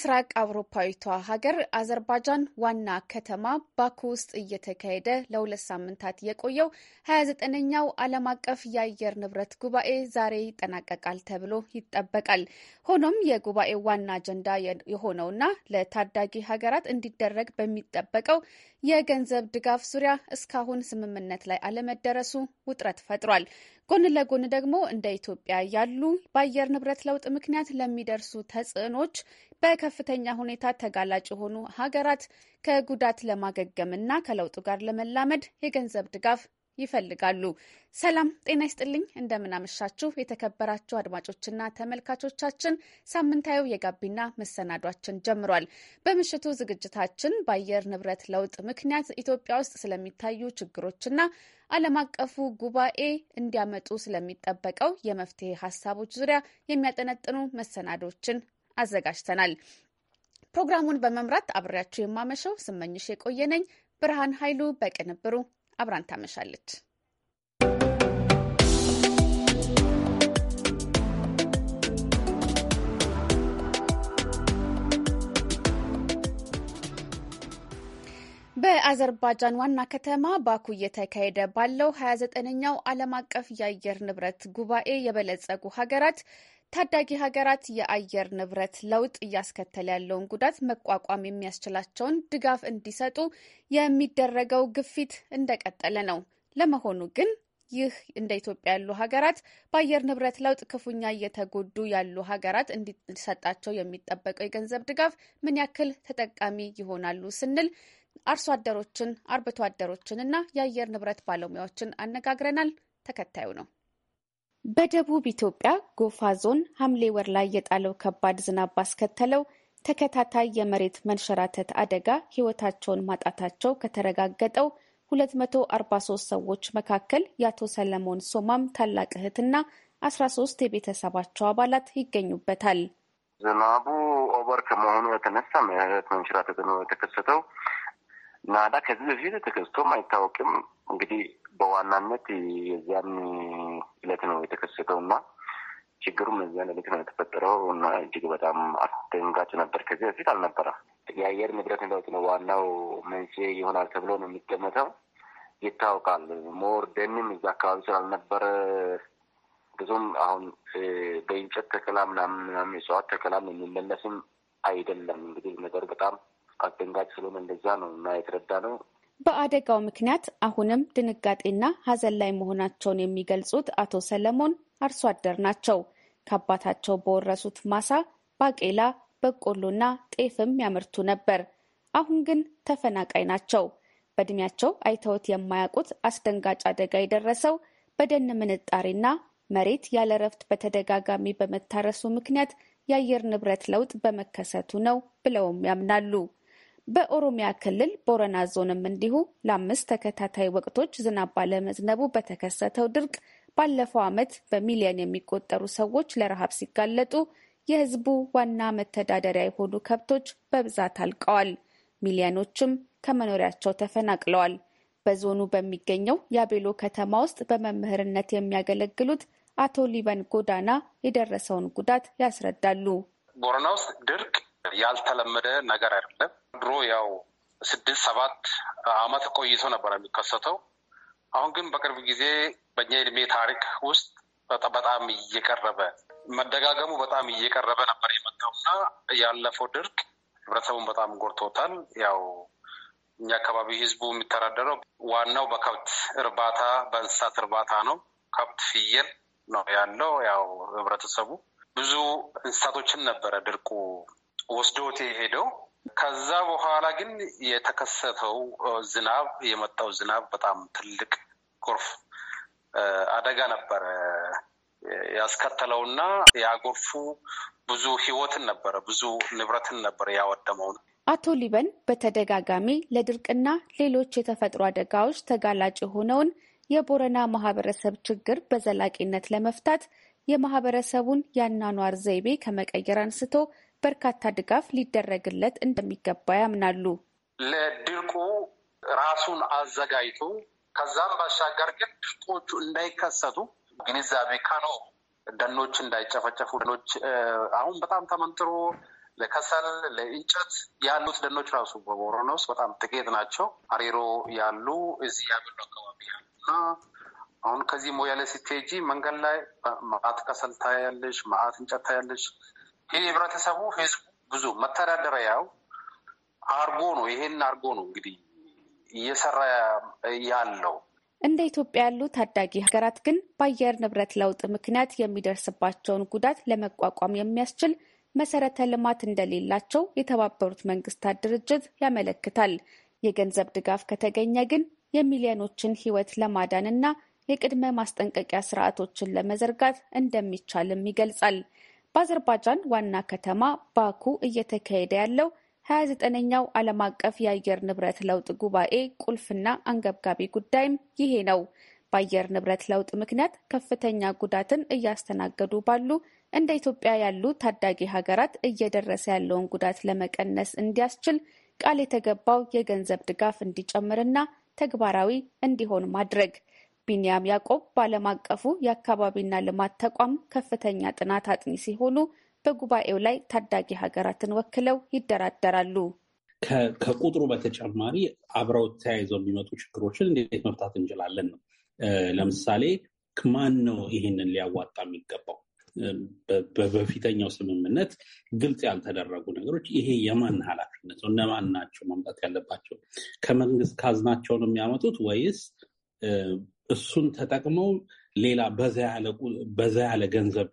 ምስራቅ አውሮፓዊቷ ሀገር አዘርባጃን ዋና ከተማ ባኩ ውስጥ እየተካሄደ ለሁለት ሳምንታት የቆየው 29ኛው ዓለም አቀፍ የአየር ንብረት ጉባኤ ዛሬ ይጠናቀቃል ተብሎ ይጠበቃል። ሆኖም የጉባኤው ዋና አጀንዳ የሆነውና ለታዳጊ ሀገራት እንዲደረግ በሚጠበቀው የገንዘብ ድጋፍ ዙሪያ እስካሁን ስምምነት ላይ አለመደረሱ ውጥረት ፈጥሯል። ጎን ለጎን ደግሞ እንደ ኢትዮጵያ ያሉ በአየር ንብረት ለውጥ ምክንያት ለሚደርሱ ተጽዕኖች በከፍተኛ ሁኔታ ተጋላጭ የሆኑ ሀገራት ከጉዳት ለማገገም እና ከለውጡ ጋር ለመላመድ የገንዘብ ድጋፍ ይፈልጋሉ። ሰላም ጤና ይስጥልኝ። እንደምናመሻችሁ የተከበራችሁ አድማጮችና ተመልካቾቻችን ሳምንታዊው የጋቢና መሰናዷችን ጀምሯል። በምሽቱ ዝግጅታችን በአየር ንብረት ለውጥ ምክንያት ኢትዮጵያ ውስጥ ስለሚታዩ ችግሮችና ዓለም አቀፉ ጉባኤ እንዲያመጡ ስለሚጠበቀው የመፍትሄ ሀሳቦች ዙሪያ የሚያጠነጥኑ መሰናዶችን አዘጋጅተናል። ፕሮግራሙን በመምራት አብሬያችሁ የማመሸው ስመኝሽ የቆየነኝ ብርሃን ኃይሉ በቅንብሩ አብራን ታመሻለች። በአዘርባጃን ዋና ከተማ ባኩ እየተካሄደ ባለው 29ኛው ዓለም አቀፍ የአየር ንብረት ጉባኤ የበለጸጉ ሀገራት ታዳጊ ሀገራት የአየር ንብረት ለውጥ እያስከተለ ያለውን ጉዳት መቋቋም የሚያስችላቸውን ድጋፍ እንዲሰጡ የሚደረገው ግፊት እንደቀጠለ ነው። ለመሆኑ ግን ይህ እንደ ኢትዮጵያ ያሉ ሀገራት በአየር ንብረት ለውጥ ክፉኛ እየተጎዱ ያሉ ሀገራት እንዲሰጣቸው የሚጠበቀው የገንዘብ ድጋፍ ምን ያክል ተጠቃሚ ይሆናሉ ስንል አርሶ አደሮችን፣ አርብቶ አደሮችን እና የአየር ንብረት ባለሙያዎችን አነጋግረናል። ተከታዩ ነው። በደቡብ ኢትዮጵያ ጎፋ ዞን ሐምሌ ወር ላይ የጣለው ከባድ ዝናብ ባስከተለው ተከታታይ የመሬት መንሸራተት አደጋ ሕይወታቸውን ማጣታቸው ከተረጋገጠው 243 ሰዎች መካከል የአቶ ሰለሞን ሶማም ታላቅ እህትና 13 የቤተሰባቸው አባላት ይገኙበታል። ዝናቡ ኦቨር ከመሆኑ የተነሳ መሬት መንሸራተት ነው የተከሰተው። ናዳ ከዚህ በፊት ተከስቶም አይታወቅም። እንግዲህ በዋናነት የዚያን እለት ነው የተከሰተው እና ችግሩም እዚያን እለት ነው የተፈጠረው እና እጅግ በጣም አስደንጋጭ ነበር። ከዚህ በፊት አልነበረም። የአየር ንብረት ለውጥ ነው ዋናው መንስኤ ይሆናል ተብሎ ነው የሚገመተው። ይታወቃል ሞር ደንም እዛ አካባቢ ስላልነበረ ብዙም አሁን በእንጨት ተከላ ምናምናም የእጽዋት ተከላም የሚመለስም አይደለም። እንግዲህ ነገር በጣም አስደንጋጭ ስለሆነ እንደዛ ነው እና የተረዳ ነው በአደጋው ምክንያት አሁንም ድንጋጤና ሐዘን ላይ መሆናቸውን የሚገልጹት አቶ ሰለሞን አርሶ አደር ናቸው። ከአባታቸው በወረሱት ማሳ ባቄላ፣ በቆሎና ጤፍም ያመርቱ ነበር። አሁን ግን ተፈናቃይ ናቸው። በእድሜያቸው አይተውት የማያውቁት አስደንጋጭ አደጋ የደረሰው በደን ምንጣሪና መሬት ያለ እረፍት በተደጋጋሚ በመታረሱ ምክንያት የአየር ንብረት ለውጥ በመከሰቱ ነው ብለውም ያምናሉ። በኦሮሚያ ክልል ቦረና ዞንም እንዲሁ ለአምስት ተከታታይ ወቅቶች ዝናብ ባለመዝነቡ በተከሰተው ድርቅ ባለፈው ዓመት በሚሊዮን የሚቆጠሩ ሰዎች ለረሃብ ሲጋለጡ የሕዝቡ ዋና መተዳደሪያ የሆኑ ከብቶች በብዛት አልቀዋል። ሚሊዮኖችም ከመኖሪያቸው ተፈናቅለዋል። በዞኑ በሚገኘው የአቤሎ ከተማ ውስጥ በመምህርነት የሚያገለግሉት አቶ ሊበን ጎዳና የደረሰውን ጉዳት ያስረዳሉ። ቦረና ውስጥ ድርቅ ያልተለመደ ነገር አይደለም። ድሮ ያው ስድስት ሰባት አመት ቆይቶ ነበር የሚከሰተው። አሁን ግን በቅርብ ጊዜ በእኛ እድሜ ታሪክ ውስጥ በጣም እየቀረበ መደጋገሙ በጣም እየቀረበ ነበር የመጣው እና ያለፈው ድርቅ ህብረተሰቡን በጣም ጎድቶታል። ያው እኛ አካባቢ ህዝቡ የሚተዳደረው ዋናው በከብት እርባታ በእንስሳት እርባታ ነው። ከብት ፍየል ነው ያለው። ያው ህብረተሰቡ ብዙ እንስሳቶችን ነበረ ድርቁ ወስዶት የሄደው። ከዛ በኋላ ግን የተከሰተው ዝናብ የመጣው ዝናብ በጣም ትልቅ ጎርፍ አደጋ ነበረ ያስከተለውና ያ ጎርፉ ብዙ ህይወትን ነበረ ብዙ ንብረትን ነበረ ያወደመው። አቶ ሊበን በተደጋጋሚ ለድርቅና ሌሎች የተፈጥሮ አደጋዎች ተጋላጭ የሆነውን የቦረና ማህበረሰብ ችግር በዘላቂነት ለመፍታት የማህበረሰቡን የአኗኗር ዘይቤ ከመቀየር አንስቶ በርካታ ድጋፍ ሊደረግለት እንደሚገባ ያምናሉ። ለድርቁ ራሱን አዘጋጅቶ ከዛም ባሻገር ግን ድርቆቹ እንዳይከሰቱ ግንዛቤ ከኖ ደኖች እንዳይጨፈጨፉ ደኖች አሁን በጣም ተመንጥሮ ለከሰል ለእንጨት ያሉት ደኖች ራሱ በቦረና ውስጥ በጣም ጥቂት ናቸው። አሬሮ ያሉ እዚህ ያሉ አካባቢ ያሉና አሁን ከዚህ ሞያሌ ስቴጂ መንገድ ላይ መዓት ከሰል ታያለሽ፣ መዓት እንጨት ታያለሽ። ይህ ህብረተሰቡ ህዝቡ ብዙ መተዳደሪያው አርጎ ነው ይሄን አርጎ ነው እንግዲህ እየሰራ ያለው። እንደ ኢትዮጵያ ያሉ ታዳጊ ሀገራት ግን በአየር ንብረት ለውጥ ምክንያት የሚደርስባቸውን ጉዳት ለመቋቋም የሚያስችል መሰረተ ልማት እንደሌላቸው የተባበሩት መንግስታት ድርጅት ያመለክታል። የገንዘብ ድጋፍ ከተገኘ ግን የሚሊዮኖችን ህይወት ለማዳን እና የቅድመ ማስጠንቀቂያ ስርዓቶችን ለመዘርጋት እንደሚቻልም ይገልጻል። በአዘርባጃን ዋና ከተማ ባኩ እየተካሄደ ያለው 29ኛው ዓለም አቀፍ የአየር ንብረት ለውጥ ጉባኤ ቁልፍና አንገብጋቢ ጉዳይም ይሄ ነው። በአየር ንብረት ለውጥ ምክንያት ከፍተኛ ጉዳትን እያስተናገዱ ባሉ እንደ ኢትዮጵያ ያሉ ታዳጊ ሀገራት እየደረሰ ያለውን ጉዳት ለመቀነስ እንዲያስችል ቃል የተገባው የገንዘብ ድጋፍ እንዲጨምርና ተግባራዊ እንዲሆን ማድረግ ቢንያም ያዕቆብ በዓለም አቀፉ የአካባቢና ልማት ተቋም ከፍተኛ ጥናት አጥኚ ሲሆኑ በጉባኤው ላይ ታዳጊ ሀገራትን ወክለው ይደራደራሉ። ከቁጥሩ በተጨማሪ አብረው ተያይዘው የሚመጡ ችግሮችን እንዴት መፍታት እንችላለን ነው። ለምሳሌ ማን ነው ይህንን ሊያዋጣ የሚገባው? በፊተኛው ስምምነት ግልጽ ያልተደረጉ ነገሮች ይሄ የማን ኃላፊነት ነው? እነማን ናቸው መምጣት ያለባቸው? ከመንግስት ካዝናቸው ነው የሚያመጡት ወይስ እሱን ተጠቅመው ሌላ በዛ ያለ ገንዘብ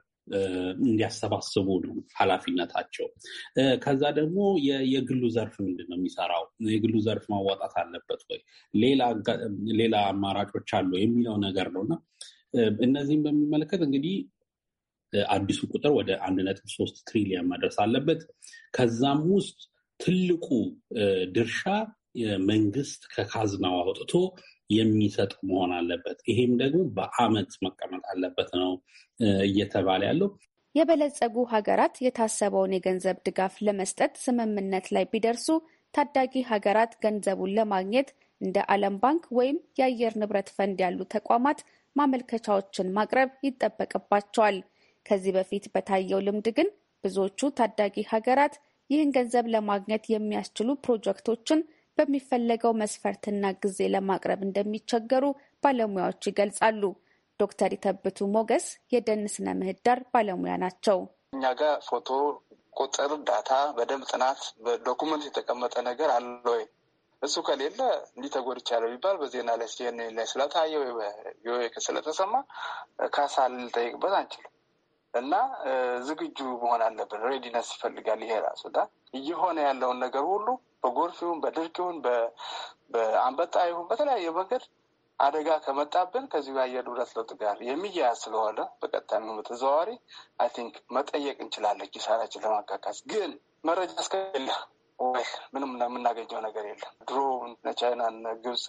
እንዲያሰባስቡ ነው ኃላፊነታቸው። ከዛ ደግሞ የግሉ ዘርፍ ምንድን ነው የሚሰራው? የግሉ ዘርፍ ማዋጣት አለበት ወይ? ሌላ አማራጮች አሉ የሚለው ነገር ነው እና እነዚህም በሚመለከት እንግዲህ አዲሱ ቁጥር ወደ አንድ ነጥብ ሶስት ትሪሊየን መድረስ አለበት። ከዛም ውስጥ ትልቁ ድርሻ መንግስት ከካዝናው አውጥቶ የሚሰጥ መሆን አለበት። ይሄም ደግሞ በአመት መቀመጥ አለበት ነው እየተባለ ያለው። የበለጸጉ ሀገራት የታሰበውን የገንዘብ ድጋፍ ለመስጠት ስምምነት ላይ ቢደርሱ ታዳጊ ሀገራት ገንዘቡን ለማግኘት እንደ ዓለም ባንክ ወይም የአየር ንብረት ፈንድ ያሉ ተቋማት ማመልከቻዎችን ማቅረብ ይጠበቅባቸዋል። ከዚህ በፊት በታየው ልምድ ግን ብዙዎቹ ታዳጊ ሀገራት ይህን ገንዘብ ለማግኘት የሚያስችሉ ፕሮጀክቶችን በሚፈለገው መስፈርትና ጊዜ ለማቅረብ እንደሚቸገሩ ባለሙያዎች ይገልጻሉ። ዶክተር ይተብቱ ሞገስ የደን ስነ ምህዳር ባለሙያ ናቸው። እኛ ጋር ፎቶ፣ ቁጥር፣ ዳታ በደንብ ጥናት በዶኩመንት የተቀመጠ ነገር አለ ወይ? እሱ ከሌለ እንዲህ ተጎድቻለሁ ቢባል በዜና ላይ ሲኤንኤን ላይ ስለታየ ወይ ስለተሰማ ካሳ ልንጠይቅበት አንችልም። እና ዝግጁ መሆን አለብን። ሬዲነስ ይፈልጋል ይሄ ራሱ እየሆነ ያለውን ነገር ሁሉ በጎርፍ ይሁን በድርቅ ይሁን በአንበጣ ይሁን በተለያየ መንገድ አደጋ ከመጣብን ከዚህ የአየር ንብረት ለውጥ ጋር የሚያያዝ ስለሆነ በቀጥታ የሚሆኑ አይ ቲንክ መጠየቅ እንችላለን። ኪሳራችን ለማካካስ ግን መረጃ እስከሌለ ወይ ምንም የምናገኘው ነገር የለም። ድሮ እነ ግብፅ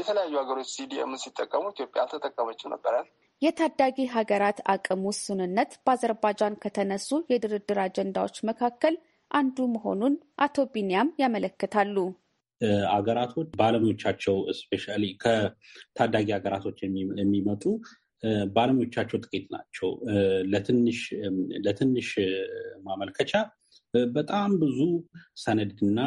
የተለያዩ ሀገሮች ሲዲኤምን ሲጠቀሙ ኢትዮጵያ አልተጠቀመችው ነበራል። የታዳጊ ሀገራት አቅም ውሱንነት በአዘርባጃን ከተነሱ የድርድር አጀንዳዎች መካከል አንዱ መሆኑን አቶ ቢንያም ያመለክታሉ። አገራቶች ባለሙያዎቻቸው እስፔሻሊ ከታዳጊ ሀገራቶች የሚመጡ ባለሙያዎቻቸው ጥቂት ናቸው። ለትንሽ ማመልከቻ በጣም ብዙ ሰነድና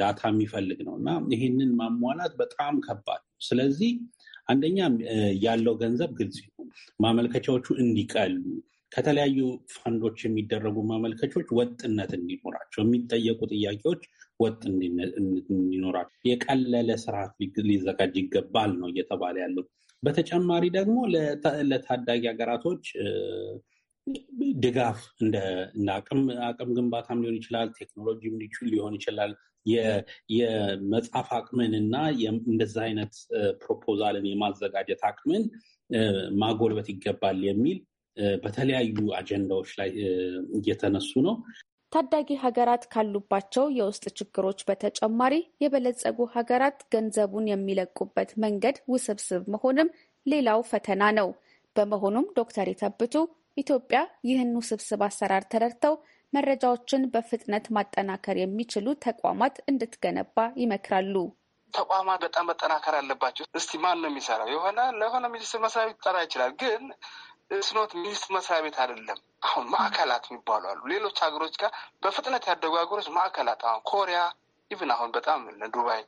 ዳታ የሚፈልግ ነው እና ይህንን ማሟላት በጣም ከባድ ነው። ስለዚህ አንደኛ ያለው ገንዘብ ግልጽ ይሁን፣ ማመልከቻዎቹ እንዲቀሉ ከተለያዩ ፋንዶች የሚደረጉ ማመልከቻዎች ወጥነት እንዲኖራቸው የሚጠየቁ ጥያቄዎች ወጥ እንዲኖራቸው የቀለለ ስርዓት ሊዘጋጅ ይገባል ነው እየተባለ ያለው። በተጨማሪ ደግሞ ለታዳጊ ሀገራቶች ድጋፍ እንደ አቅም ግንባታም ሊሆን ይችላል፣ ቴክኖሎጂም ሊሆን ይችላል፣ የመጻፍ አቅምን እና እንደዛ አይነት ፕሮፖዛልን የማዘጋጀት አቅምን ማጎልበት ይገባል የሚል በተለያዩ አጀንዳዎች ላይ እየተነሱ ነው። ታዳጊ ሀገራት ካሉባቸው የውስጥ ችግሮች በተጨማሪ የበለጸጉ ሀገራት ገንዘቡን የሚለቁበት መንገድ ውስብስብ መሆንም ሌላው ፈተና ነው። በመሆኑም ዶክተር የተብቱ ኢትዮጵያ ይህን ውስብስብ አሰራር ተረድተው መረጃዎችን በፍጥነት ማጠናከር የሚችሉ ተቋማት እንድትገነባ ይመክራሉ። ተቋማት በጣም መጠናከር አለባቸው። እስቲ ማን ነው የሚሰራው? የሆነ ለሆነ ሚኒስትር መስሪያ ቤት ጠራ ይችላል፣ ግን ስኖት ሚኒስትር መስሪያ ቤት አይደለም። አሁን ማዕከላት የሚባሉ አሉ። ሌሎች ሀገሮች ጋር በፍጥነት ያደጉ ሀገሮች ማዕከላት አሁን ኮሪያ ኢቭን አሁን በጣም ዱባይ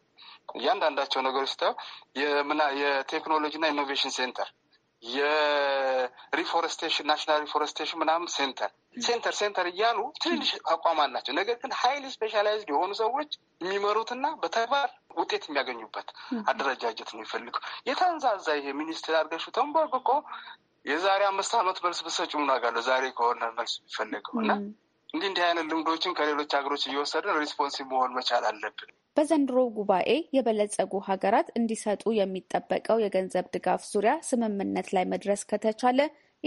እያንዳንዳቸው ነገሮች የቴክኖሎጂ እና ኢኖቬሽን ሴንተር የሪፎረስቴሽን ናሽናል ሪፎረስቴሽን ምናምን ሴንተር ሴንተር ሴንተር እያሉ ትንሽ አቋም አላቸው። ነገር ግን ሀይሊ ስፔሻላይዝድ የሆኑ ሰዎች የሚመሩትና በተግባር ውጤት የሚያገኙበት አደረጃጀት ነው የሚፈልገው። የተንዛዛ ይሄ ሚኒስትር አድርገሹ ተንቧርብቆ የዛሬ አምስት ዓመት መልስ ብሰጭ ምን ዋጋ አለው? ዛሬ ከሆነ መልስ የሚፈልገው እና እንዲህ እንዲህ አይነት ልምዶችን ከሌሎች ሀገሮች እየወሰድን ሪስፖንሲቭ መሆን መቻል አለብን። በዘንድሮ ጉባኤ የበለጸጉ ሀገራት እንዲሰጡ የሚጠበቀው የገንዘብ ድጋፍ ዙሪያ ስምምነት ላይ መድረስ ከተቻለ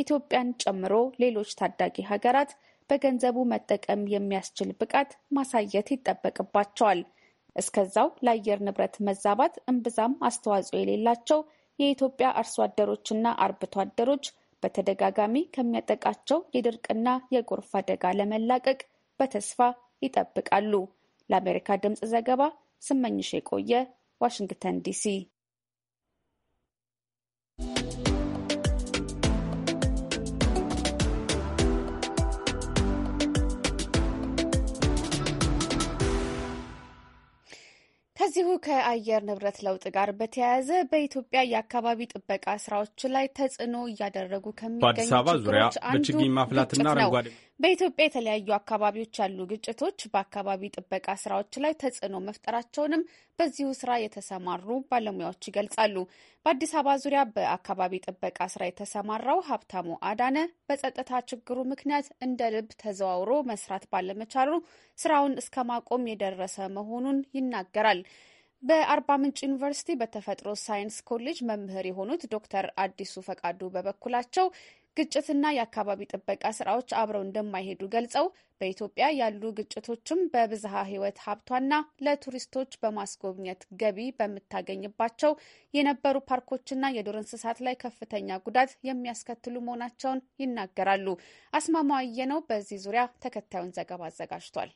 ኢትዮጵያን ጨምሮ ሌሎች ታዳጊ ሀገራት በገንዘቡ መጠቀም የሚያስችል ብቃት ማሳየት ይጠበቅባቸዋል። እስከዛው ለአየር ንብረት መዛባት እምብዛም አስተዋጽኦ የሌላቸው የኢትዮጵያ አርሶ አደሮችና አርብቶ አደሮች በተደጋጋሚ ከሚያጠቃቸው የድርቅና የጎርፍ አደጋ ለመላቀቅ በተስፋ ይጠብቃሉ። ለአሜሪካ ድምፅ ዘገባ ስመኝሽ የቆየ ዋሽንግተን ዲሲ። ከዚሁ ከአየር ንብረት ለውጥ ጋር በተያያዘ በኢትዮጵያ የአካባቢ ጥበቃ ስራዎች ላይ ተጽዕኖ እያደረጉ ከሚገኙ ችግሮች አንዱ ግጭት ነው። በኢትዮጵያ የተለያዩ አካባቢዎች ያሉ ግጭቶች በአካባቢ ጥበቃ ስራዎች ላይ ተጽዕኖ መፍጠራቸውንም በዚሁ ስራ የተሰማሩ ባለሙያዎች ይገልጻሉ። በአዲስ አበባ ዙሪያ በአካባቢ ጥበቃ ስራ የተሰማራው ሀብታሙ አዳነ በጸጥታ ችግሩ ምክንያት እንደ ልብ ተዘዋውሮ መስራት ባለመቻሉ ስራውን እስከ ማቆም የደረሰ መሆኑን ይናገራል። በአርባ ምንጭ ዩኒቨርሲቲ በተፈጥሮ ሳይንስ ኮሌጅ መምህር የሆኑት ዶክተር አዲሱ ፈቃዱ በበኩላቸው ግጭትና የአካባቢ ጥበቃ ስራዎች አብረው እንደማይሄዱ ገልጸው በኢትዮጵያ ያሉ ግጭቶችም በብዝሃ ህይወት ሀብቷና ለቱሪስቶች በማስጎብኘት ገቢ በምታገኝባቸው የነበሩ ፓርኮችና የዱር እንስሳት ላይ ከፍተኛ ጉዳት የሚያስከትሉ መሆናቸውን ይናገራሉ። አስማማው አየነው በዚህ ዙሪያ ተከታዩን ዘገባ አዘጋጅቷል።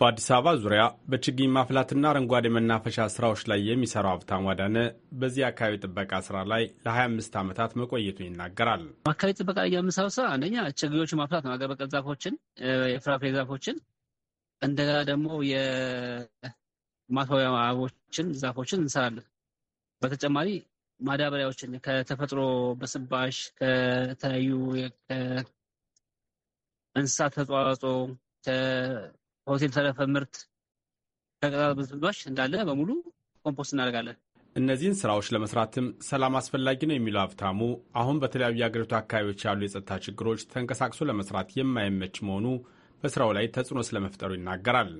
በአዲስ አበባ ዙሪያ በችግኝ ማፍላትና አረንጓዴ መናፈሻ ስራዎች ላይ የሚሰራው ሀብታም ዋዳነ በዚህ አካባቢ ጥበቃ ስራ ላይ ለ25 ዓመታት መቆየቱን ይናገራል። አካባቢ ጥበቃ ላይ የምሰራው ስራ አንደኛ ችግኞች ማፍላት ነው፣ አገር በቀል ዛፎችን፣ የፍራፍሬ ዛፎችን እንደገና ደግሞ የማስዋቢያ አበቦችን፣ ዛፎችን እንሰራለን። በተጨማሪ ማዳበሪያዎችን ከተፈጥሮ በስባሽ ከተለያዩ እንስሳት ተዋጽኦ ሆቴል ተረፈ ምርት፣ ከቅጠላ ብልቶች እንዳለ በሙሉ ኮምፖስት እናደርጋለን። እነዚህን ስራዎች ለመስራትም ሰላም አስፈላጊ ነው የሚለው ሀብታሙ፣ አሁን በተለያዩ የአገሪቱ አካባቢዎች ያሉ የጸጥታ ችግሮች ተንቀሳቅሶ ለመስራት የማይመች መሆኑ በስራው ላይ ተጽዕኖ ስለመፍጠሩ ይናገራል።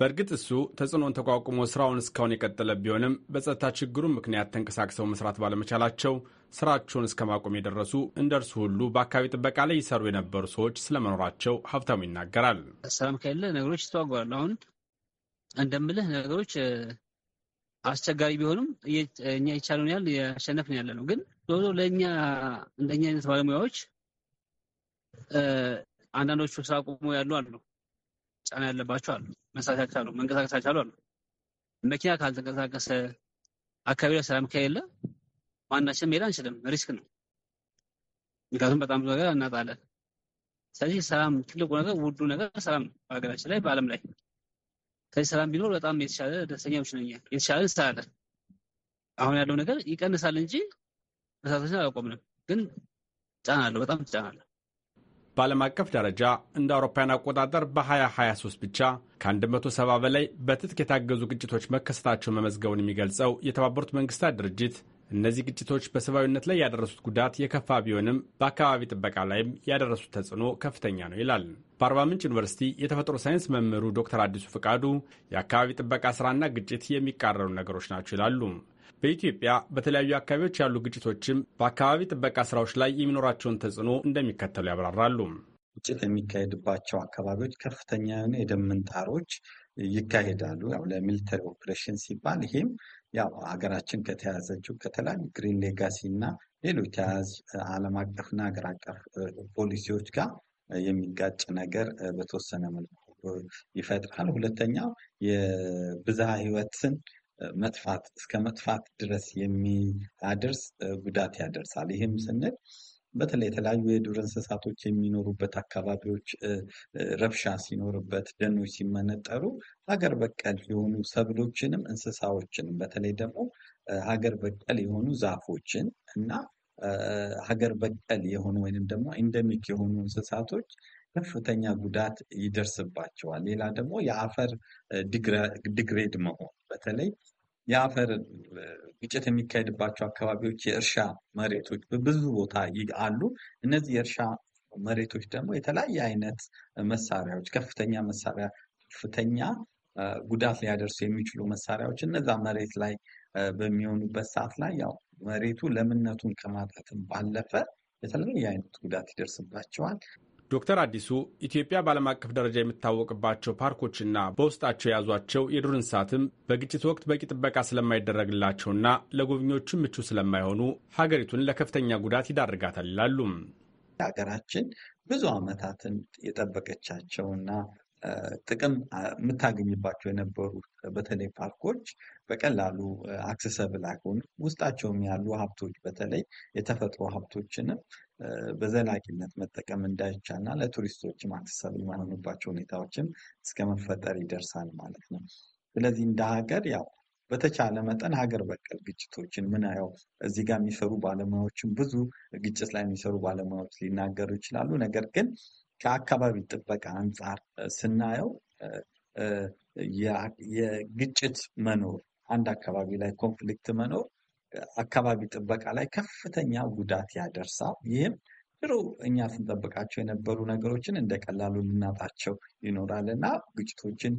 በእርግጥ እሱ ተጽዕኖን ተቋቁሞ ስራውን እስካሁን የቀጠለ ቢሆንም በጸጥታ ችግሩ ምክንያት ተንቀሳቅሰው መስራት ባለመቻላቸው ስራቸውን እስከ ማቆም የደረሱ እንደ እርሱ ሁሉ በአካባቢ ጥበቃ ላይ ይሰሩ የነበሩ ሰዎች ስለመኖራቸው ሀብታሙ ይናገራል። ሰላም ከሌለ ነገሮች ይስተዋጓል። አሁን እንደምልህ ነገሮች አስቸጋሪ ቢሆንም እኛ የቻለውን ያህል ያሸነፍ ነው ያለ ነው። ግን ዞሮ ለእኛ እንደኛ አይነት ባለሙያዎች አንዳንዶቹ ስራ ቆሞ ያሉ አሉ ጫና ያለባቸው አሉ። መስራት ያልቻሉ መንቀሳቀስ ያልቻሉ አሉ። መኪና ካልተንቀሳቀሰ አካባቢ ላይ ሰላም ከሌለ ማናችን መሄድ አንችልም። ሪስክ ነው። ምክንያቱም በጣም ብዙ ነገር እናጣለን። ስለዚህ ሰላም ትልቁ ነገር ውዱ ነገር ሰላም ነው፣ በሀገራችን ላይ በዓለም ላይ ስለዚህ ሰላም ቢኖር በጣም የተሻለ ደስተኛ ይችለኛ የተሻለ እንሰራለን። አሁን ያለው ነገር ይቀንሳል እንጂ መሳቶችን አላቆምንም፣ ግን ጫና አለው፣ በጣም ጫና አለው። በዓለም አቀፍ ደረጃ እንደ አውሮፓውያን አቆጣጠር በ2023 ብቻ ከ170 በላይ በትጥቅ የታገዙ ግጭቶች መከሰታቸውን መመዝገቡን የሚገልጸው የተባበሩት መንግስታት ድርጅት እነዚህ ግጭቶች በሰብአዊነት ላይ ያደረሱት ጉዳት የከፋ ቢሆንም በአካባቢ ጥበቃ ላይም ያደረሱት ተጽዕኖ ከፍተኛ ነው ይላል። በአርባ ምንጭ ዩኒቨርሲቲ የተፈጥሮ ሳይንስ መምህሩ ዶክተር አዲሱ ፍቃዱ የአካባቢ ጥበቃ ስራና ግጭት የሚቃረኑ ነገሮች ናቸው ይላሉ። በኢትዮጵያ በተለያዩ አካባቢዎች ያሉ ግጭቶችም በአካባቢ ጥበቃ ስራዎች ላይ የሚኖራቸውን ተጽዕኖ እንደሚከተሉ ያብራራሉ። ግጭት የሚካሄድባቸው አካባቢዎች ከፍተኛ የሆነ የደን ምንጣሮች ይካሄዳሉ። ያው ለሚሊተሪ ኦፕሬሽን ሲባል ይሄም ያው ሀገራችን ከተያዘችው ከተለያዩ ግሪን ሌጋሲ እና ሌሎች ተያያዥ ዓለም አቀፍና ሀገር አቀፍ ፖሊሲዎች ጋር የሚጋጭ ነገር በተወሰነ መልኩ ይፈጥራል። ሁለተኛው የብዝሃ ህይወትን መጥፋት እስከ መጥፋት ድረስ የሚያደርስ ጉዳት ያደርሳል። ይህም ስንል በተለይ የተለያዩ የዱር እንስሳቶች የሚኖሩበት አካባቢዎች ረብሻ ሲኖርበት፣ ደኖች ሲመነጠሩ ሀገር በቀል የሆኑ ሰብሎችንም እንስሳዎችንም በተለይ ደግሞ ሀገር በቀል የሆኑ ዛፎችን እና ሀገር በቀል የሆኑ ወይንም ደግሞ ኢንደሚክ የሆኑ እንስሳቶች ከፍተኛ ጉዳት ይደርስባቸዋል። ሌላ ደግሞ የአፈር ዲግሬድ መሆን በተለይ የአፈር ግጭት የሚካሄድባቸው አካባቢዎች የእርሻ መሬቶች በብዙ ቦታ አሉ። እነዚህ የእርሻ መሬቶች ደግሞ የተለያየ አይነት መሳሪያዎች፣ ከፍተኛ መሳሪያ ከፍተኛ ጉዳት ሊያደርሱ የሚችሉ መሳሪያዎች እነዛ መሬት ላይ በሚሆኑበት ሰዓት ላይ ያው መሬቱ ለምነቱን ከማጣትም ባለፈ የተለያየ አይነት ጉዳት ይደርስባቸዋል። ዶክተር አዲሱ ኢትዮጵያ በዓለም አቀፍ ደረጃ የምታወቅባቸው ፓርኮችና በውስጣቸው የያዟቸው የዱር እንስሳትም በግጭት ወቅት በቂ ጥበቃ ስለማይደረግላቸውና ለጎብኚዎቹም ምቹ ስለማይሆኑ ሀገሪቱን ለከፍተኛ ጉዳት ይዳርጋታል ይላሉም። ሀገራችን ብዙ ዓመታትን የጠበቀቻቸውና ጥቅም የምታገኝባቸው የነበሩ በተለይ ፓርኮች በቀላሉ አክሰሰብል አይሆኑም። ውስጣቸውም ያሉ ሀብቶች በተለይ የተፈጥሮ ሀብቶችንም በዘላቂነት መጠቀም እንዳይቻል እና ለቱሪስቶችም አክሰሰብል የማይሆኑባቸው ሁኔታዎችም እስከ መፈጠር ይደርሳል ማለት ነው። ስለዚህ እንደ ሀገር ያው በተቻለ መጠን ሀገር በቀል ግጭቶችን ያው እዚህ ጋር የሚሰሩ ባለሙያዎችን ብዙ ግጭት ላይ የሚሰሩ ባለሙያዎች ሊናገሩ ይችላሉ። ነገር ግን ከአካባቢ ጥበቃ አንጻር ስናየው የግጭት መኖር አንድ አካባቢ ላይ ኮንፍሊክት መኖር አካባቢ ጥበቃ ላይ ከፍተኛ ጉዳት ያደርሳል። ይህም ድሮ እኛ ስንጠብቃቸው የነበሩ ነገሮችን እንደ ቀላሉ ልናጣቸው ይኖራል እና ግጭቶችን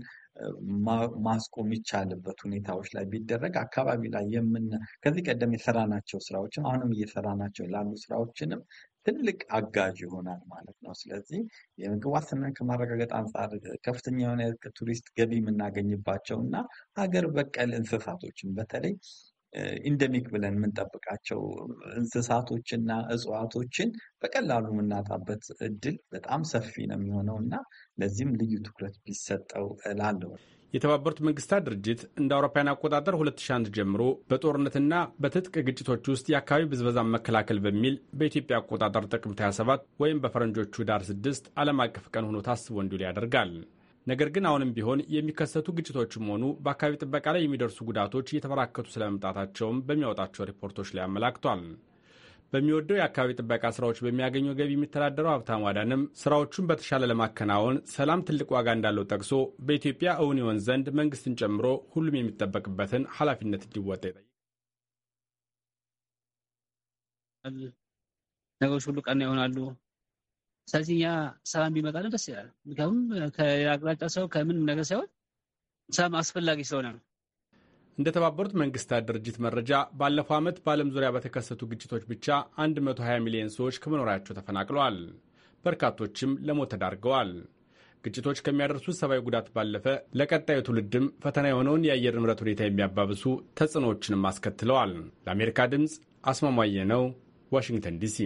ማስቆም ይቻልበት ሁኔታዎች ላይ ቢደረግ አካባቢ ላይ የምን ከዚህ ቀደም የሰራናቸው ስራዎችን አሁንም እየሰራናቸው ላሉ ስራዎችንም ትልቅ አጋዥ ይሆናል ማለት ነው። ስለዚህ የምግብ ዋስትናን ከማረጋገጥ አንጻር ከፍተኛ የሆነ ቱሪስት ገቢ የምናገኝባቸው እና ሀገር በቀል እንስሳቶችን በተለይ ኢንደሚክ ብለን የምንጠብቃቸው እንስሳቶችና እጽዋቶችን በቀላሉ የምናጣበት እድል በጣም ሰፊ ነው የሚሆነው እና ለዚህም ልዩ ትኩረት ቢሰጠው እላለሁ። የተባበሩት መንግስታት ድርጅት እንደ አውሮፓውያን አቆጣጠር 2001 ጀምሮ በጦርነትና በትጥቅ ግጭቶች ውስጥ የአካባቢ ብዝበዛን መከላከል በሚል በኢትዮጵያ አቆጣጠር ጥቅምት 27 ወይም በፈረንጆቹ ዳር 6 ዓለም አቀፍ ቀን ሆኖ ታስቦ እንዲውል ያደርጋል። ነገር ግን አሁንም ቢሆን የሚከሰቱ ግጭቶችም ሆኑ በአካባቢ ጥበቃ ላይ የሚደርሱ ጉዳቶች እየተበራከቱ ስለመምጣታቸውም በሚያወጣቸው ሪፖርቶች ላይ አመላክቷል። በሚወደው የአካባቢ ጥበቃ ስራዎች በሚያገኘው ገቢ የሚተዳደረው ሀብታም ዋዳንም ስራዎቹን በተሻለ ለማከናወን ሰላም ትልቅ ዋጋ እንዳለው ጠቅሶ በኢትዮጵያ እውን ይሆን ዘንድ መንግስትን ጨምሮ ሁሉም የሚጠበቅበትን ኃላፊነት እንዲወጣ ይጠይቃል። ነገሮች ሁሉ ቀና ይሆናሉ። ስለዚህ እኛ ሰላም ቢመጣ ደስ ይላል። ምክንያቱም ከአቅጣጫ ሰው ከምን ነገር ሳይሆን ሰላም አስፈላጊ ስለሆነ ነው። እንደተባበሩት መንግስታት ድርጅት መረጃ ባለፈው ዓመት በዓለም ዙሪያ በተከሰቱ ግጭቶች ብቻ 120 ሚሊዮን ሰዎች ከመኖሪያቸው ተፈናቅለዋል። በርካቶችም ለሞት ተዳርገዋል። ግጭቶች ከሚያደርሱት ሰብአዊ ጉዳት ባለፈ ለቀጣዩ ትውልድም ፈተና የሆነውን የአየር ንብረት ሁኔታ የሚያባብሱ ተጽዕኖዎችንም አስከትለዋል። ለአሜሪካ ድምፅ አስማማየ ነው፣ ዋሽንግተን ዲሲ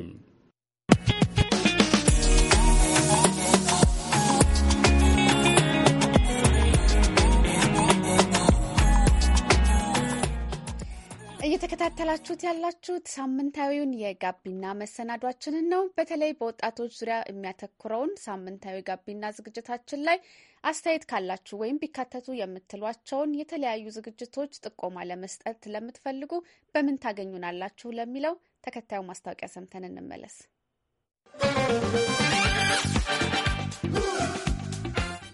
እየተከታተላችሁት ያላችሁት ሳምንታዊውን የጋቢና መሰናዷችንን ነው። በተለይ በወጣቶች ዙሪያ የሚያተኩረውን ሳምንታዊ ጋቢና ዝግጅታችን ላይ አስተያየት ካላችሁ ወይም ቢካተቱ የምትሏቸውን የተለያዩ ዝግጅቶች ጥቆማ ለመስጠት ለምትፈልጉ በምን ታገኙናላችሁ ለሚለው ተከታዩ ማስታወቂያ ሰምተን እንመለስ።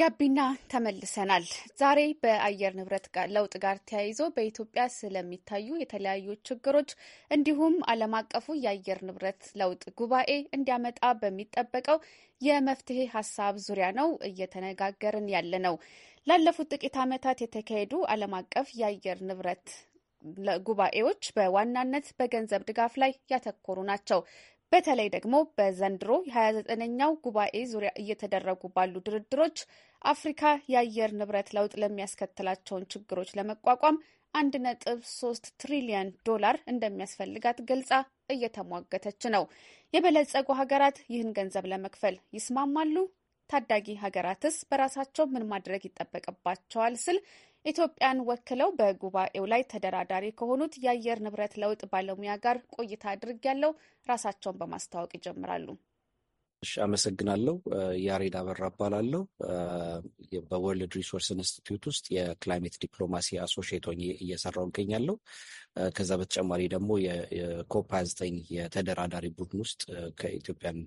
ጋቢና ተመልሰናል። ዛሬ በአየር ንብረት ለውጥ ጋር ተያይዞ በኢትዮጵያ ስለሚታዩ የተለያዩ ችግሮች እንዲሁም ዓለም አቀፉ የአየር ንብረት ለውጥ ጉባኤ እንዲያመጣ በሚጠበቀው የመፍትሄ ሀሳብ ዙሪያ ነው እየተነጋገርን ያለ ነው። ላለፉት ጥቂት ዓመታት የተካሄዱ ዓለም አቀፍ የአየር ንብረት ጉባኤዎች በዋናነት በገንዘብ ድጋፍ ላይ ያተኮሩ ናቸው። በተለይ ደግሞ በዘንድሮ የ29ኛው ጉባኤ ዙሪያ እየተደረጉ ባሉ ድርድሮች አፍሪካ የአየር ንብረት ለውጥ ለሚያስከትላቸውን ችግሮች ለመቋቋም አንድ ነጥብ ሶስት ትሪሊየን ዶላር እንደሚያስፈልጋት ገልጻ እየተሟገተች ነው። የበለጸጉ ሀገራት ይህን ገንዘብ ለመክፈል ይስማማሉ? ታዳጊ ሀገራትስ በራሳቸው ምን ማድረግ ይጠበቅባቸዋል ስል ኢትዮጵያን ወክለው በጉባኤው ላይ ተደራዳሪ ከሆኑት የአየር ንብረት ለውጥ ባለሙያ ጋር ቆይታ አድርግ ያለው ራሳቸውን በማስተዋወቅ ይጀምራሉ። እሺ፣ አመሰግናለሁ። ያሬድ አበራ እባላለሁ። በወርልድ ሪሶርስ ኢንስቲትዩት ውስጥ የክላይሜት ዲፕሎማሲ አሶሺዬት ሆኜ እየሰራሁ እገኛለሁ። ከዛ በተጨማሪ ደግሞ የኮፕ 29 የተደራዳሪ ቡድን ውስጥ ከኢትዮጵያን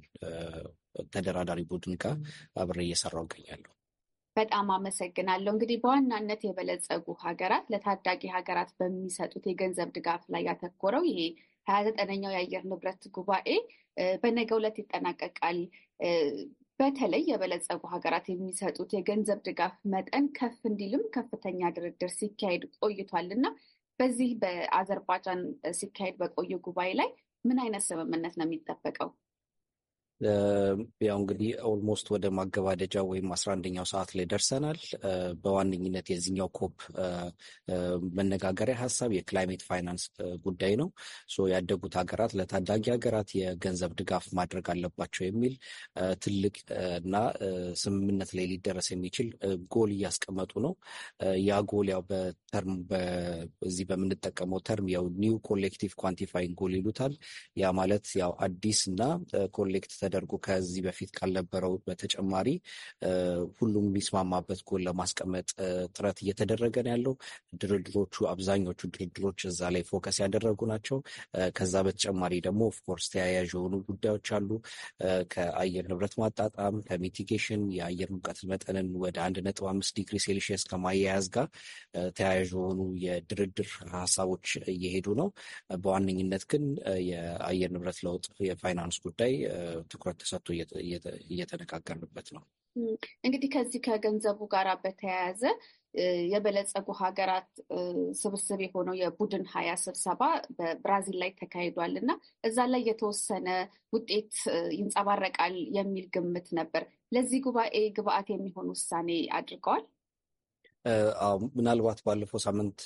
ተደራዳሪ ቡድን ጋር አብሬ እየሰራሁ እገኛለሁ። በጣም አመሰግናለሁ። እንግዲህ በዋናነት የበለጸጉ ሀገራት ለታዳጊ ሀገራት በሚሰጡት የገንዘብ ድጋፍ ላይ ያተኮረው ይሄ ሀያ ዘጠነኛው የአየር ንብረት ጉባኤ በነገ ዕለት ይጠናቀቃል። በተለይ የበለጸጉ ሀገራት የሚሰጡት የገንዘብ ድጋፍ መጠን ከፍ እንዲልም ከፍተኛ ድርድር ሲካሄድ ቆይቷል እና በዚህ በአዘርባጃን ሲካሄድ በቆየ ጉባኤ ላይ ምን አይነት ስምምነት ነው የሚጠበቀው? ያው እንግዲህ ኦልሞስት ወደ ማገባደጃ ወይም አስራ አንደኛው ሰዓት ላይ ደርሰናል። በዋነኝነት የዚህኛው ኮፕ መነጋገሪያ ሀሳብ የክላይሜት ፋይናንስ ጉዳይ ነው። ያደጉት ሀገራት ለታዳጊ ሀገራት የገንዘብ ድጋፍ ማድረግ አለባቸው የሚል ትልቅ እና ስምምነት ላይ ሊደረስ የሚችል ጎል እያስቀመጡ ነው። ያ ጎል ያው በተርም በዚህ በምንጠቀመው ተርም ያው ኒው ኮሌክቲቭ ኳንቲፋይንግ ጎል ይሉታል። ያ ማለት ያው አዲስ እና ኮሌክት ተደርጎ ከዚህ በፊት ካልነበረው በተጨማሪ ሁሉም የሚስማማበት ጎል ለማስቀመጥ ጥረት እየተደረገ ነው ያለው። ድርድሮቹ አብዛኞቹ ድርድሮች እዛ ላይ ፎከስ ያደረጉ ናቸው። ከዛ በተጨማሪ ደግሞ ኦፍኮርስ ተያያዥ የሆኑ ጉዳዮች አሉ። ከአየር ንብረት ማጣጣም ከሚቲጌሽን የአየር ሙቀት መጠንን ወደ አንድ ነጥብ አምስት ዲግሪ ሴልሺየስ ከማያያዝ ጋር ተያያዥ የሆኑ የድርድር ሀሳቦች እየሄዱ ነው። በዋነኝነት ግን የአየር ንብረት ለውጥ የፋይናንስ ጉዳይ ትኩረት ተሰጥቶ እየተነጋገርንበት ነው። እንግዲህ ከዚህ ከገንዘቡ ጋር በተያያዘ የበለጸጉ ሀገራት ስብስብ የሆነው የቡድን ሀያ ስብሰባ በብራዚል ላይ ተካሂዷል እና እዛ ላይ የተወሰነ ውጤት ይንጸባረቃል የሚል ግምት ነበር። ለዚህ ጉባኤ ግብአት የሚሆን ውሳኔ አድርገዋል። ምናልባት ባለፈው ሳምንት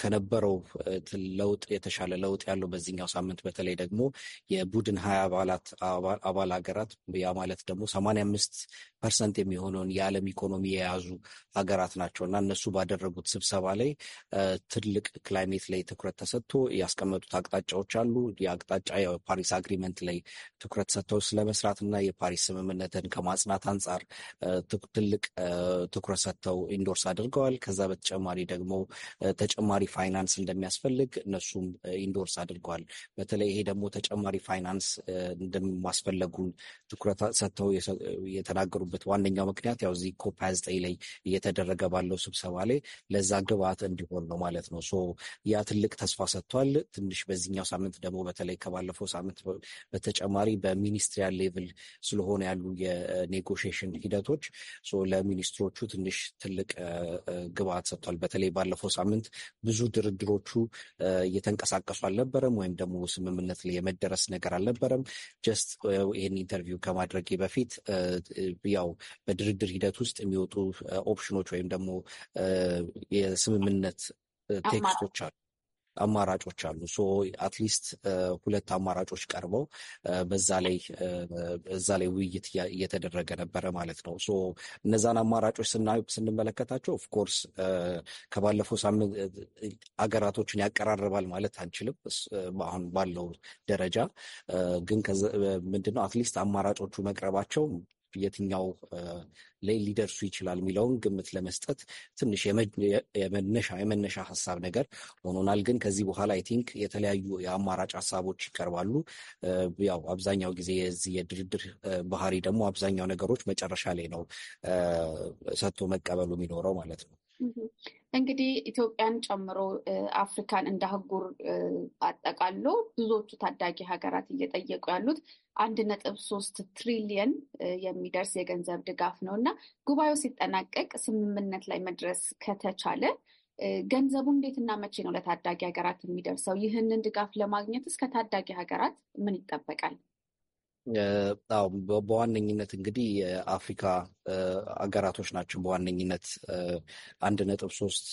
ከነበረው ለውጥ የተሻለ ለውጥ ያለው በዚህኛው ሳምንት በተለይ ደግሞ የቡድን ሀያ አባላት አባል ሀገራት ያ ማለት ደግሞ ሰማንያ አምስት ፐርሰንት የሚሆነውን የዓለም ኢኮኖሚ የያዙ ሀገራት ናቸው እና እነሱ ባደረጉት ስብሰባ ላይ ትልቅ ክላይሜት ላይ ትኩረት ተሰጥቶ ያስቀመጡት አቅጣጫዎች አሉ። የአቅጣጫ የፓሪስ አግሪመንት ላይ ትኩረት ሰጥተው ስለመስራት እና የፓሪስ ስምምነትን ከማጽናት አንጻር ትልቅ ትኩረት ሰጥተው ኢንዶርስ አድርገዋል። ከዛ በተጨማሪ ደግሞ ተጨማሪ ተጨማሪ ፋይናንስ እንደሚያስፈልግ እነሱም ኢንዶርስ አድርገዋል። በተለይ ይሄ ደግሞ ተጨማሪ ፋይናንስ እንደማስፈለጉን ትኩረት ሰጥተው የተናገሩበት ዋነኛው ምክንያት ያው እዚህ ኮፕ 29 ላይ እየተደረገ ባለው ስብሰባ ላይ ለዛ ግብዓት እንዲሆን ነው ማለት ነው። ሶ ያ ትልቅ ተስፋ ሰጥቷል። ትንሽ በዚህኛው ሳምንት ደግሞ በተለይ ከባለፈው ሳምንት በተጨማሪ በሚኒስትሪያል ሌቭል ስለሆነ ያሉ የኔጎሽሽን ሂደቶች ለሚኒስትሮቹ ትንሽ ትልቅ ግብዓት ሰጥቷል። በተለይ ባለፈው ሳምንት ብዙ ድርድሮቹ እየተንቀሳቀሱ አልነበረም፣ ወይም ደግሞ ስምምነት ላይ የመደረስ ነገር አልነበረም። ጀስት ይህን ኢንተርቪው ከማድረጌ በፊት ያው በድርድር ሂደት ውስጥ የሚወጡ ኦፕሽኖች ወይም ደግሞ የስምምነት ቴክስቶች አሉ አማራጮች አሉ። ሶ አትሊስት ሁለት አማራጮች ቀርበው በዛ ላይ በዛ ላይ ውይይት እየተደረገ ነበረ ማለት ነው። ሶ እነዛን አማራጮች ስንመለከታቸው ኦፍኮርስ ከባለፈው ሳምንት አገራቶችን ያቀራርባል ማለት አንችልም። አሁን ባለው ደረጃ ግን ምንድነው አትሊስት አማራጮቹ መቅረባቸው የትኛው ላይ ሊደርሱ ይችላል የሚለውን ግምት ለመስጠት ትንሽ የመነሻ የመነሻ ሀሳብ ነገር ሆኖናል። ግን ከዚህ በኋላ አይ ቲንክ የተለያዩ የአማራጭ ሀሳቦች ይቀርባሉ። ያው አብዛኛው ጊዜ የዚህ የድርድር ባህሪ ደግሞ አብዛኛው ነገሮች መጨረሻ ላይ ነው ሰጥቶ መቀበሉ የሚኖረው ማለት ነው። እንግዲህ ኢትዮጵያን ጨምሮ አፍሪካን እንደ አህጉር አጠቃሎ ብዙዎቹ ታዳጊ ሀገራት እየጠየቁ ያሉት አንድ ነጥብ ሶስት ትሪሊየን የሚደርስ የገንዘብ ድጋፍ ነው እና ጉባኤው ሲጠናቀቅ ስምምነት ላይ መድረስ ከተቻለ ገንዘቡ እንዴት እና መቼ ነው ለታዳጊ ሀገራት የሚደርሰው? ይህንን ድጋፍ ለማግኘትስ ከታዳጊ ሀገራት ምን ይጠበቃል? በዋነኝነት እንግዲህ የአፍሪካ ሀገራቶች ናቸው በዋነኝነት አንድ ነጥብ ሶስት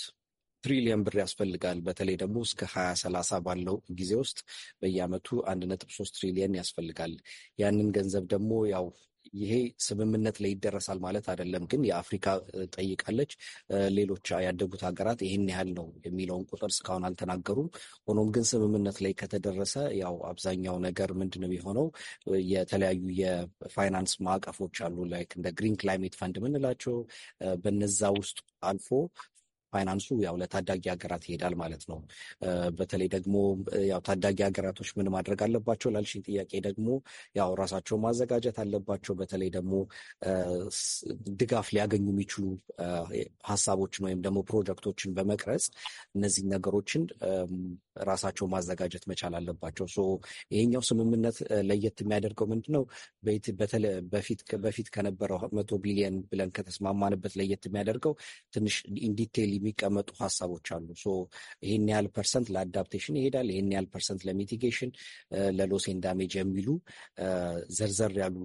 ትሪሊየን ብር ያስፈልጋል። በተለይ ደግሞ እስከ ሀያ ሰላሳ ባለው ጊዜ ውስጥ በየአመቱ አንድ ነጥብ ሶስት ትሪሊየን ያስፈልጋል። ያንን ገንዘብ ደግሞ ያው ይሄ ስምምነት ላይ ይደረሳል ማለት አይደለም፣ ግን የአፍሪካ ጠይቃለች። ሌሎች ያደጉት ሀገራት ይህን ያህል ነው የሚለውን ቁጥር እስካሁን አልተናገሩም። ሆኖም ግን ስምምነት ላይ ከተደረሰ ያው አብዛኛው ነገር ምንድን ነው የተለያዩ የፋይናንስ ማዕቀፎች አሉ፣ ላይክ እንደ ግሪን ክላይሜት ፈንድ የምንላቸው በነዛ ውስጥ አልፎ ፋይናንሱ ያው ለታዳጊ ሀገራት ይሄዳል ማለት ነው። በተለይ ደግሞ ያው ታዳጊ ሀገራቶች ምን ማድረግ አለባቸው ላልሽኝ ጥያቄ ደግሞ ያው ራሳቸው ማዘጋጀት አለባቸው። በተለይ ደግሞ ድጋፍ ሊያገኙ የሚችሉ ሀሳቦችን ወይም ደግሞ ፕሮጀክቶችን በመቅረጽ እነዚህ ነገሮችን ራሳቸው ማዘጋጀት መቻል አለባቸው። ይሄኛው ስምምነት ለየት የሚያደርገው ምንድነው በፊት ከነበረው መቶ ቢሊየን ብለን ከተስማማንበት ለየት የሚያደርገው ትንሽ ኢንዲቴይል የሚቀመጡ ሀሳቦች አሉ። ይህን ያህል ፐርሰንት ለአዳፕቴሽን ይሄዳል፣ ይህን ያህል ፐርሰንት ለሚቲጌሽን፣ ለሎሴን ዳሜጅ የሚሉ ዘርዘር ያሉ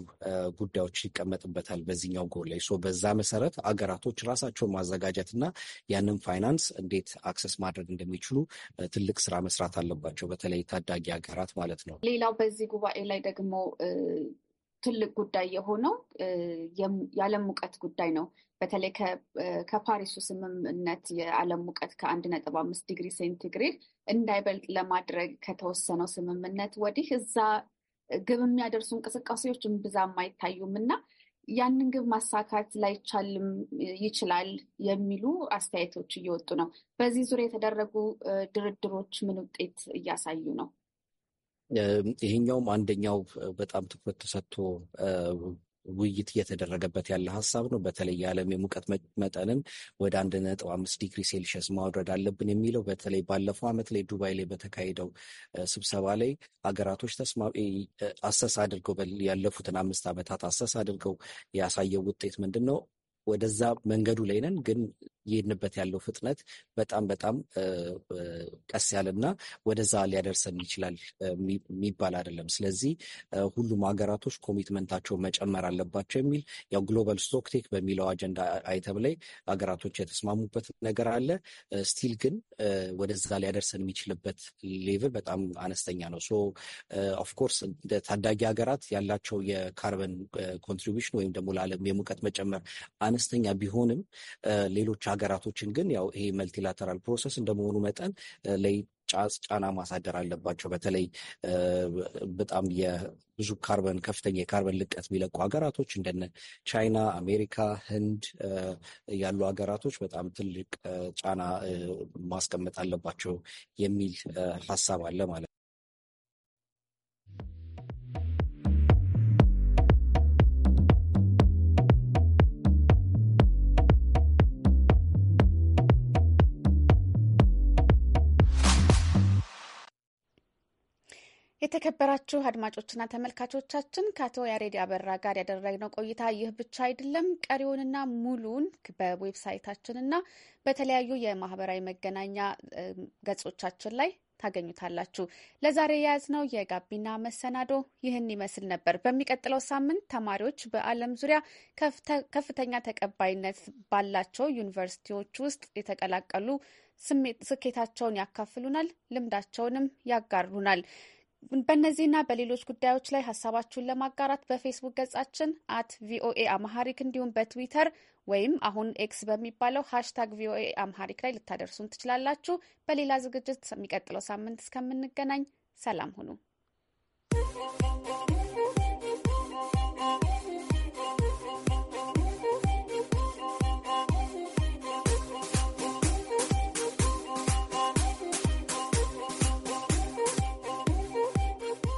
ጉዳዮች ይቀመጥበታል በዚህኛው ጎል ላይ። በዛ መሰረት አገራቶች ራሳቸውን ማዘጋጀት እና ያንን ፋይናንስ እንዴት አክሰስ ማድረግ እንደሚችሉ ትልቅ ስራ መስራት አለባቸው፣ በተለይ ታዳጊ ሀገራት ማለት ነው። ሌላው በዚህ ጉባኤ ላይ ደግሞ ትልቅ ጉዳይ የሆነው የዓለም ሙቀት ጉዳይ ነው። በተለይ ከፓሪሱ ስምምነት የዓለም ሙቀት ከአንድ ነጥብ አምስት ዲግሪ ሴንቲግሬድ እንዳይበልጥ ለማድረግ ከተወሰነው ስምምነት ወዲህ እዛ ግብ የሚያደርሱ እንቅስቃሴዎች እምብዛም አይታዩም እና ያንን ግብ ማሳካት ላይቻልም ይችላል የሚሉ አስተያየቶች እየወጡ ነው። በዚህ ዙሪያ የተደረጉ ድርድሮች ምን ውጤት እያሳዩ ነው? ይሄኛውም አንደኛው በጣም ትኩረት ተሰጥቶ ውይይት እየተደረገበት ያለ ሀሳብ ነው። በተለይ የዓለም የሙቀት መጠንን ወደ አንድ ነጥብ አምስት ዲግሪ ሴልሽስ ማውረድ አለብን የሚለው በተለይ ባለፈው ዓመት ላይ ዱባይ ላይ በተካሄደው ስብሰባ ላይ ሀገራቶች ተስማ አሰስ አድርገው ያለፉትን አምስት ዓመታት አሰስ አድርገው ያሳየው ውጤት ምንድን ነው? ወደዛ መንገዱ ላይ ነን። ግን ይሄድንበት ያለው ፍጥነት በጣም በጣም ቀስ ያለና ወደዛ ሊያደርሰን ይችላል የሚባል አይደለም። ስለዚህ ሁሉም ሀገራቶች ኮሚትመንታቸው መጨመር አለባቸው የሚል ያው ግሎባል ስቶክቴክ በሚለው አጀንዳ አይተም ላይ ሀገራቶች የተስማሙበት ነገር አለ። ስቲል ግን ወደዛ ሊያደርሰን የሚችልበት ሌቭል በጣም አነስተኛ ነው። ሶ ኦፍኮርስ ታዳጊ ሀገራት ያላቸው የካርበን ኮንትሪቢሽን ወይም ደግሞ ለዓለም የሙቀት መጨመር አነስተኛ ቢሆንም ሌሎች ሀገራቶችን ግን ያው ይሄ መልቲላተራል ፕሮሰስ እንደመሆኑ መጠን ላይ ጫና ማሳደር አለባቸው። በተለይ በጣም የብዙ ካርበን ከፍተኛ የካርበን ልቀት የሚለቁ ሀገራቶች እንደነ ቻይና፣ አሜሪካ፣ ህንድ ያሉ ሀገራቶች በጣም ትልቅ ጫና ማስቀመጥ አለባቸው የሚል ሀሳብ አለ ማለት ነው። የተከበራችሁ አድማጮችና ተመልካቾቻችን ከአቶ ያሬድ አበራ ጋር ያደረግነው ቆይታ ይህ ብቻ አይደለም። ቀሪውንና ሙሉውን በዌብሳይታችንና በተለያዩ የማህበራዊ መገናኛ ገጾቻችን ላይ ታገኙታላችሁ። ለዛሬ የያዝነው የጋቢና መሰናዶ ይህን ይመስል ነበር። በሚቀጥለው ሳምንት ተማሪዎች በዓለም ዙሪያ ከፍተኛ ተቀባይነት ባላቸው ዩኒቨርሲቲዎች ውስጥ የተቀላቀሉ ስኬታቸውን ያካፍሉናል፣ ልምዳቸውንም ያጋሩናል። በእነዚህና በሌሎች ጉዳዮች ላይ ሀሳባችሁን ለማጋራት በፌስቡክ ገጻችን አት ቪኦኤ አማሃሪክ እንዲሁም በትዊተር ወይም አሁን ኤክስ በሚባለው ሀሽታግ ቪኦኤ አምሃሪክ ላይ ልታደርሱን ትችላላችሁ። በሌላ ዝግጅት የሚቀጥለው ሳምንት እስከምንገናኝ ሰላም ሁኑ።